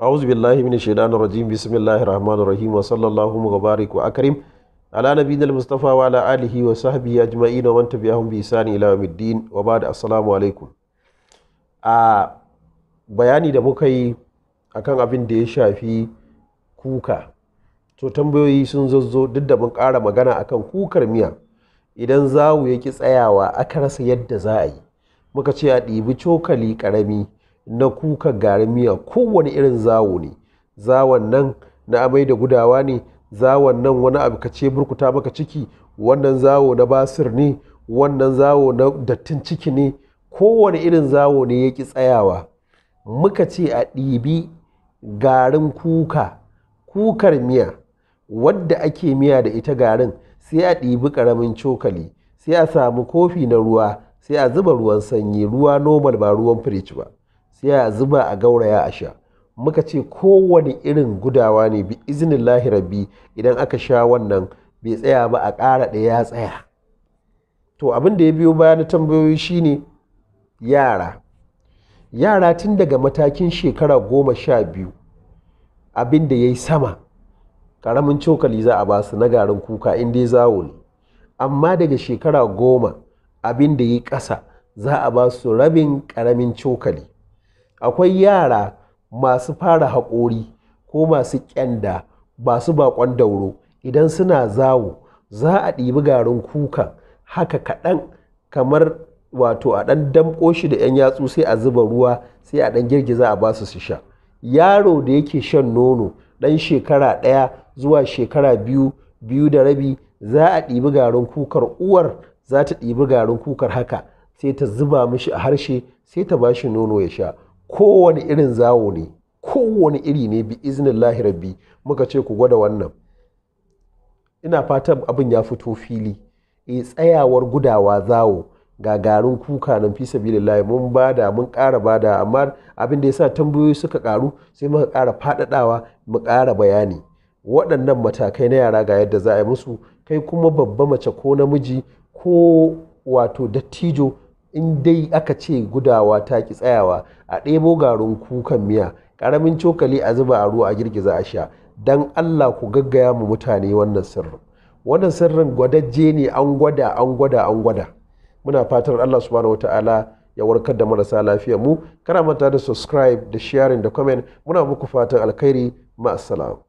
أعوذ بالله من الشيطان الرجيم بسم الله الرحمن الرحيم وصلى الله وبارك وأكرم على نبينا المصطفى وعلى آله وصحبه أجمعين ومن تبعهم بإحسان إلى يوم الدين وبعد السلام عليكم bayani da muka yi akan abin da ya shafi kuka to tambayoyi sun zazzo duk da mun ƙara magana akan kukar miya idan zawu ya ki tsayawa aka rasa yadda za a yi muka ce a ɗibi cokali ƙarami na kukar garin miya kowane irin zawo ne zawon nan na amai da gudawa ne zawon nan wani abu ka ce burkuta maka ciki wannan zawo na basir ne wannan zawo na dattin ciki ne kowane irin zawo ne ya ki tsayawa muka ce a ɗibi garin kuka kukar miya wadda ake miya da ita garin sai a ɗibi ƙaramin cokali sai a samu kofi na ruwa sai a zuba ruwan sanyi ruwa normal ba ruwan firij ba sai a zuba a gauraya a sha muka ce kowane irin gudawa ne bi izinin lahirabi idan aka sha wannan bai tsaya ba a ƙara ɗaya ya tsaya to abin da ya biyo baya na tambayoyi shine yara yara tun daga matakin shekara goma sha biyu abin da ya yi sama ƙaramin cokali za a ba su na garin kuka in dai zawo ne amma daga shekara goma abin da yi ƙasa za a ba su rabin ƙaramin cokali akwai yara masu fara haƙori ko masu ƙyanda ba su baƙon dauro idan suna zawo za a ɗibi garin kuka haka kaɗan kamar wato a ɗan damƙo shi da 'yan yatsu sai a zuba ruwa sai a ɗan girgiza a basu su sha yaro da yake shan nono ɗan shekara ɗaya zuwa shekara biyu biyu da rabi za a ɗibi garin kukar uwar za ta ɗibi garin kukar haka sai ta zuba mishi a harshe sai ta bashi nono ya sha kowane irin zawo ne kowane iri ne bi iznin rabbi muka ce ku gwada wannan ina fatan abin ya fito fili e tsayawar gudawa zawo ga garin kuka nan fi sabilillahi mun bada mun kara bada amma abin da ya sa tambayoyi suka ƙaru sai muka ƙara faɗaɗawa mu ƙara bayani waɗannan matakai na yara ga yadda za a yi musu kai kuma babba mace ko namiji ko wato dattijo in dai aka ce gudawa ta ki tsayawa a ɗebo garin kukan miya ƙaramin cokali a zuba a ruwa a girgiza a sha don allah ku gaggaya mu mutane wannan sirrin wannan sirrin gwadaje ne an gwada an gwada an gwada muna fatan allah subhanahu wataala ya warkar da marasa lafiya mu kana mata da subscribe da sharing da comment muna muku fatan alkhairi ma'assalam